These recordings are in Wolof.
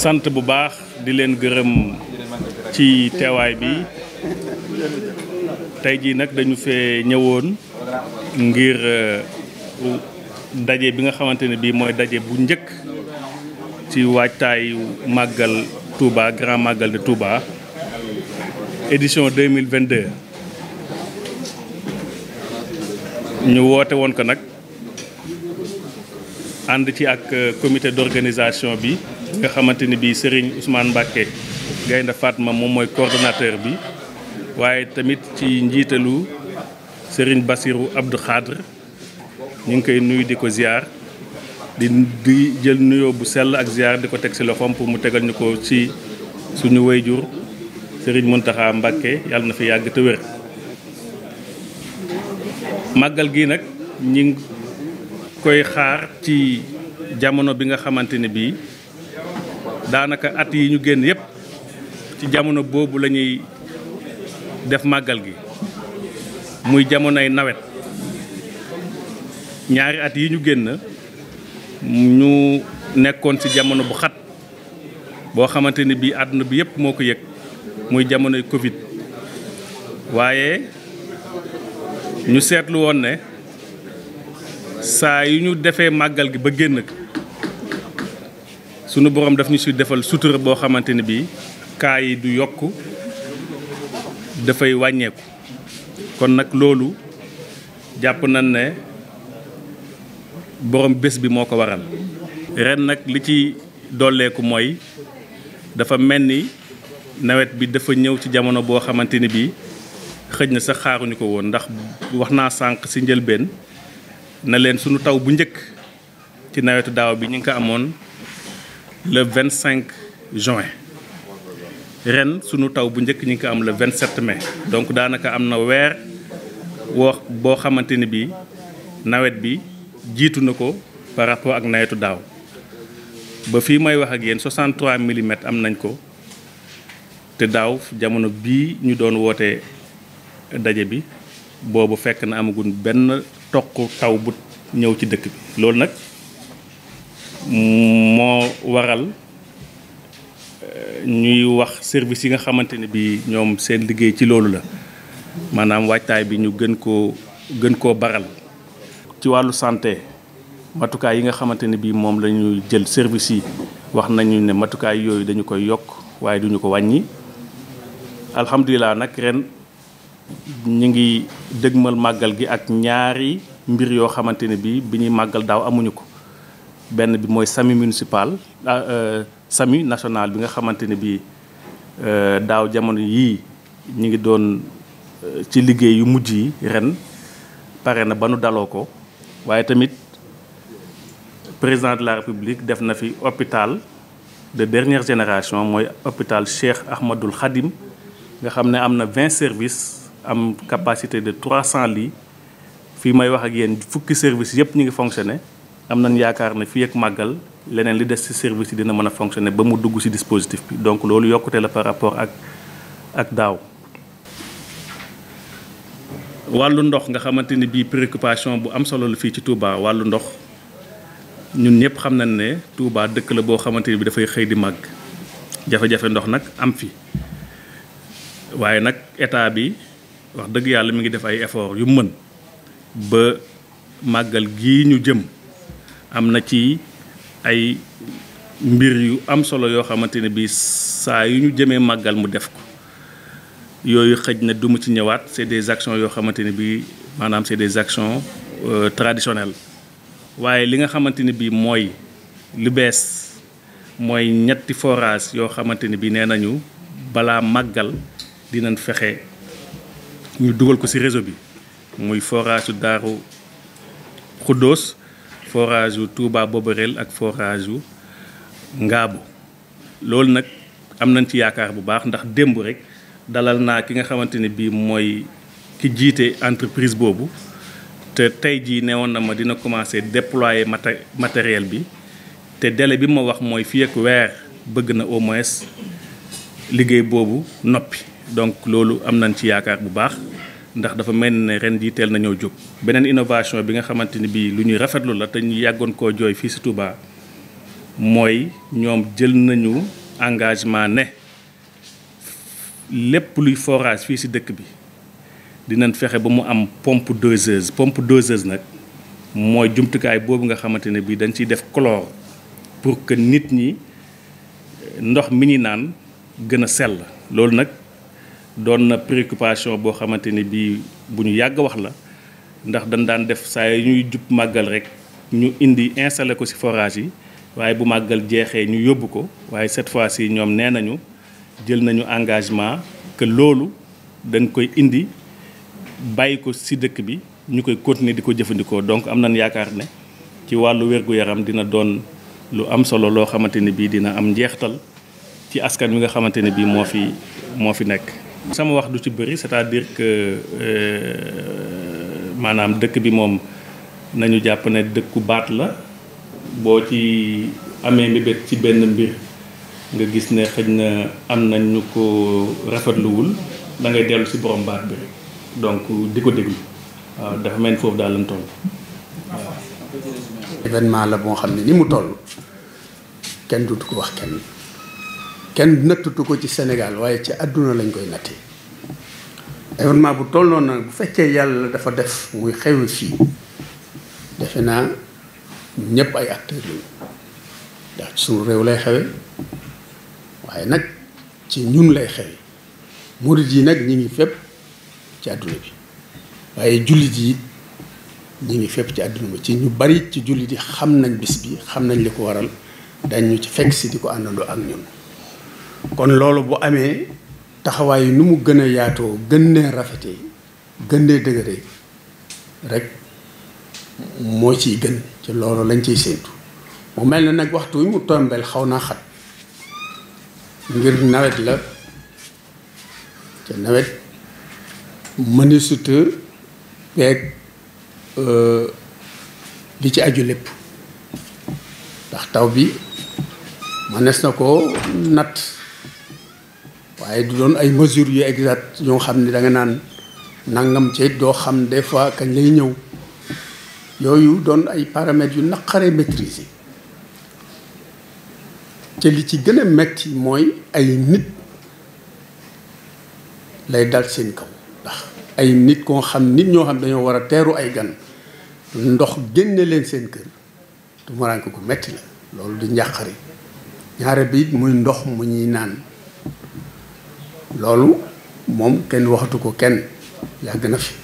sant bu baax di leen gërëm ci teewaay bi tey jii nag dañu fee ñëwoon ngir euh, daje bi nga xamante ne bii mooy daje bu njëkk ci waajtaayu màggal Touba grand màggal de Touba édition 2022 ñu woote woon ko nag ànd ci ak euh, comité d'organisation bi nga xamante ni bii Serigne Ousmane Mbacke Gaynde faatma moom mooy coordonnateur bi waaye tamit ci njiitalu sëriñ Bassirou Abdou Khadre ñu ngi koy nuyu di ko ziar di jël nuyoo bu sell ak ziar di ko teg ci loxoom pour mu tegal nu ko ci suñu wayjur sëriñ Mountakha Mbacke yàlla na fi yàgg te wér màggal gi nag ñi ngi koy xaar ci jamono bi nga xamante ne bii. daanaka at yi ñu génn yëpp ci jamono boobu la ñuy def màggal gi muy jamonoy nawet ñaari at yi ñu génn ñu nekkoon ci jamono bu xat boo xamante ni bii àdduna bi yëpp moo ko yëg muy jamonoy Covid waaye ñu seetlu woon ne saa yi ñu defee màggal gi ba génn sunu borom daf ñu si defal sutura boo xamante ne bii cas yi du yokk dafay wàññeeku kon nag loolu jàpp nañ ne boroom bés bi moo ko waral. ren nag li ci dolleeku mooy dafa mel ni nawet bi dafa ñëw ci jamono boo xamante ni bii xëj na sa xaaruñu ko woon ndax wax naa sànq si njëlbeen na leen sunu taw bu njëkk ci nawetu daaw bi ñu ngi ko amoon. le 25 juin ren sunu taw bu njëkk ñi ngi ko am le 27 donc daanaka am na weer boo xamante ni bii nawet bi jiitu na ko par rapport ak nawetu daaw ba fii may wax ak yéen 63 millimètres am nañ ko te daaw jamono bii ñu doon wootee daje bi boobu fekk na amaguñ benn toq taw bu ñëw ci dëkk bi loolu nag moo waral euh, ñuy wax service yi nga xamante ne bi ñoom seen liggéey ci loolu la maanaam waajtaay bi ñu gën koo gën koo baral ci wàllu sante matukaay yi nga xamante ne bi moom la jël service yi wax nañu ne matukaay yooyu dañu koy yokk waaye duñu ko wàññi alhamdulilah nag ren ñu ngi dëgmal màggal gi ak ñaari mbir yoo xamante ne bi bi ñuy màggal daaw amuñu ko benn bi mooy SAMU municipal ah, euh, SAMU nationale bi nga xamante ne bii euh, daaw jamono yii ñu ngi doon euh, ci liggéey yu mujj yi ren pare na ba nu daloo ko waaye tamit président de la république def na fi hôpital de dernière génération mooy hôpital Cheikh Ahmadul Khadim nga xam ne am na vingt service am capacité de trois cents lits fii may wax ak yéen fukki services yépp ñu ngi fonctionner am nañ yaakaar na fii ak màggal leneen li des ci service yi dina mën a fonctionner ba mu dugg ci dispositif bi donc loolu yokkute la par rapport ak ak daaw. wàllu ndox nga xamante ni bii préoccupation bu am solo la fii ci Touba wàllu ndox ñun ñëpp xam nañ ne Touba dëkk la boo xamante ni bi dafay xëy di màgg jafe-jafe ndox nag am fi waaye nag état bi wax dëgg yàlla mi ngi def ay effort yu mën ba màggal gii ñu jëm. am na ci ay mbir yu am solo yoo xamante ne bi saa yu ñu jëmee màggal mu def ko yooyu xëj na duma ci ñëwaat c'est des actions yoo xamante ne bi maanaam c'est des actions euh, traditionnelles waaye li nga xamante ne bi mooy lu bees mooy ñetti forage yoo xamante ne bi nee nañu balaa màggal dinañ fexe ñu dugal ko ci réseau bi muy forage Daaru Xuddoos forage wu Touba Boborel ak forage wu Ngaabu loolu nag am nañ ci yaakaar bu baax ndax démb rek dalal naa ki nga xamante ne bii mooy ki jiite entreprise boobu te tey jii newoon na ma dina commencer déployer maté matériel bi te délai bi ma wax mooy fii weer bëgg na au moins liggéey boobu noppi donc loolu am nañ ci yaakaar bu baax. ndax dafa mel ne ren jii nañoo jóg. beneen innovation bi nga xamante ni bii lu ñuy rafetlu la te ñu yàggoon koo jooy fii si Touba mooy ñoom jël nañu engagement ne lépp luy forage fii si dëkk bi dinan fexe ba mu am pompe doseuse pompe doseuse nag mooy jumtukaay boobu nga xamante ne bii dañ ciy def chlore pour que nit ñi ndox mi ñu naan gën a sell loolu nag. doon na préoccupation boo xamante ni bii bu ñu yàgg wax la ndax dañ daan def saa yi ñuy jub màggal rek ñu indi installé ko si forage yi waaye bu màggal jeexee ñu yóbbu ko waaye cette fois-ci ñoom nee nañu jël nañu engagement que loolu dañ koy indi bàyyi ko si dëkk bi ñu koy continuer di ko jëfandikoo donc am nañ yaakaar ne ci wàllu wér-gu-yaram dina doon lu am solo loo xamante ni bii dina am njeextal ci askan wi nga xamante ne bii moo fi moo fi nekk sama wax du ci bëri c'est-à-dire que euh, maanaam dëkk bi moom nañu jàpp ne dëkku baat la boo ci amee mbébét ci benn mbir nga gis ne xëj na am nañ ñu ko rafetluwul da ngay dellu si borom baat bi rek donc di ko déglu waaw dafa mel foofu daal lañ toll événement la boo xam ne ni mu toll kenn dutu ko wax kenn kenn nattutu ko ci senegal waaye ci àdduna lañ koy nattee événement bu toll noonu nag bu fekkee yàlla dafa def muy xewi fii defe naa ñëpp ay acteurs lañu ndax ci suñu réew lay xewe waaye nag ci ñun lay xewe murit yi nag ñi ngi fépp ci àdduna bi waaye jullit yi ñi ngi fépp ci àdduna bi ci ñu bari ci jullit yi xam nañ bis bi xam nañ li ko waral dañ ñu ci fekk si di ko àndandoo ak ñun kon loolu bu amee taxawaay yi nu mu gën a yaatoo gën nee rafetee gën nee dëgëree rek moo ciy gën ci loolu lañ ciy séentu mu mel na nag waxtu wi mu tombeel xaw naa xat ngir nawet la te nawet mënisuta peeg euh, li ci aju lépp ndax taw bi mënees na ko natt waaye du doon ay mesures yu exact yoo xam ni danga nga naan nangam ci doo xam des fois kañ lay ñëw yooyu doon ay paramètres yu naqaree maîtriser te li ci gën a metti mooy ay nit lay dal seen kaw ndax ay nit koo xam nit ñoo xam dañoo war a teeru ay gan ndox génne leen seen kër du ko metti la loolu di njàqare ñaare bi it muy ndox mu ñuy naan loolu moom kenn waxatu ko kenn yàgg na fi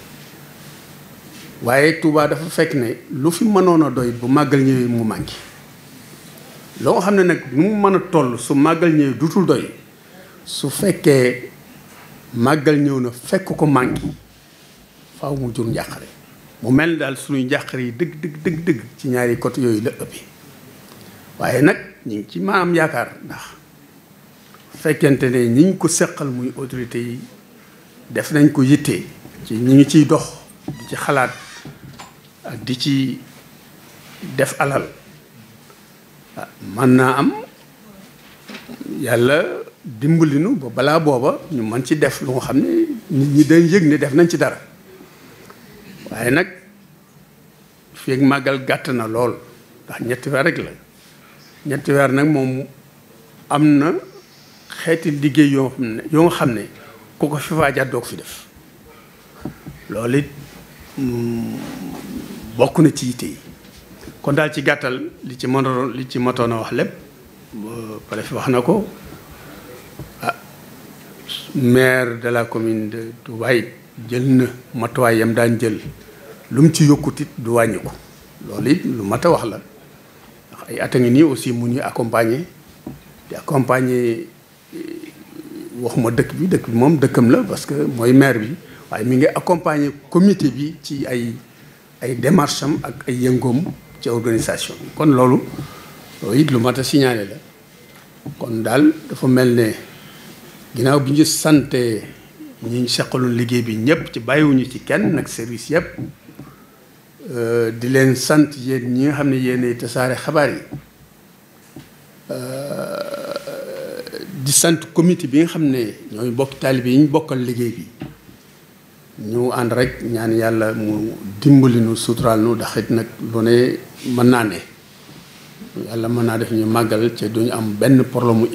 waaye Touba dafa fekk ne lu fi mënoon a doy bu màggal ñëwee mu manqué loo xam ne nag nu mu mën a toll su màggal ñëwee dutul doy su fekkee màggal ñëw na fekk ko manqué faw mu jur njàqare mu mel ni daal suñuy njàqare yi dëgg dëgg dëgg ci ñaari côté yooyu la ëppi waaye nag ñu ngi ci ma am yaakaar ndax fekkente ne ñi ñu ko seqal muy autorité yi def nañ ko yitte ci ñi ngi ciy dox ci xalaat ak di ci def alal ah, man naa am yàlla dimbali nu ba balaa booba ñu mën ci def loo xam ne nit ñi dañ yëg ne def nañ ci dara waaye nag feeg màggal gàtt na lool ndax ñetti weer rek la ñetti weer nag moom am na xeeti liggéey yoo xam ne yoo ku ko fi waajaat doo ko fi def loolu it mm, bokk na ci yitte yi kon daal ci gàttal li ci mënoon li ci matoon a wax lépp pare fi wax na ko ah maire de la commune de Touba jël na matuwaay yam daan jël lu mu ci yokkut it du wàññi ko loolu it lu mat a wax la ndax ay at a ngi nii aussi mu ngi accompagner di accompagner waxuma dëkk bi dëkk bi moom dëkkam la parce que mooy maire bi waaye mi ngi accompagner comité bi ci ay ay démarches am ak ay yëngoom ci organisation kon loolu loolu it lu mat a signalé la kon daal dafa mel ne ginnaaw bi ñu sante ñu seqaloon liggéey bi ñëpp ci bàyyiwuñu ci kenn nag service yëpp euh, di leen sant yéen ñi nga xam ne yéenay tasaare xabaar yi euh, di sant comité bi nga xam ne ñooy bokk taalibe yi ñu bokkal liggéey bi ñu ànd rek ñaan yàlla mu dimbali nu suturaal nu ndax it nag lu ne mën naa ne yàlla mën naa def ñu màggal te duñu am benn problème mu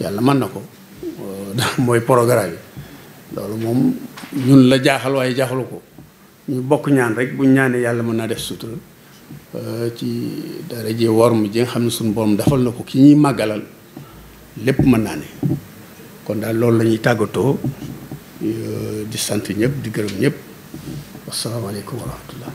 yàlla mën na ko mooy programme bi loolu moom ñun la jaaxal waaye jaaxalu ko ñu bokk ñaan rek bu ñaanee yàlla mën naa def sutura euh, ci dara ji worm ji nga xam ne suñu borom defal na ko ki ñuy màggalal lépp mën naa ne kon daal loolu lañuy tàggatoo euh, di sant ñëpp di gërëm ñëpp wasalaamaaleykum wa rahmatullah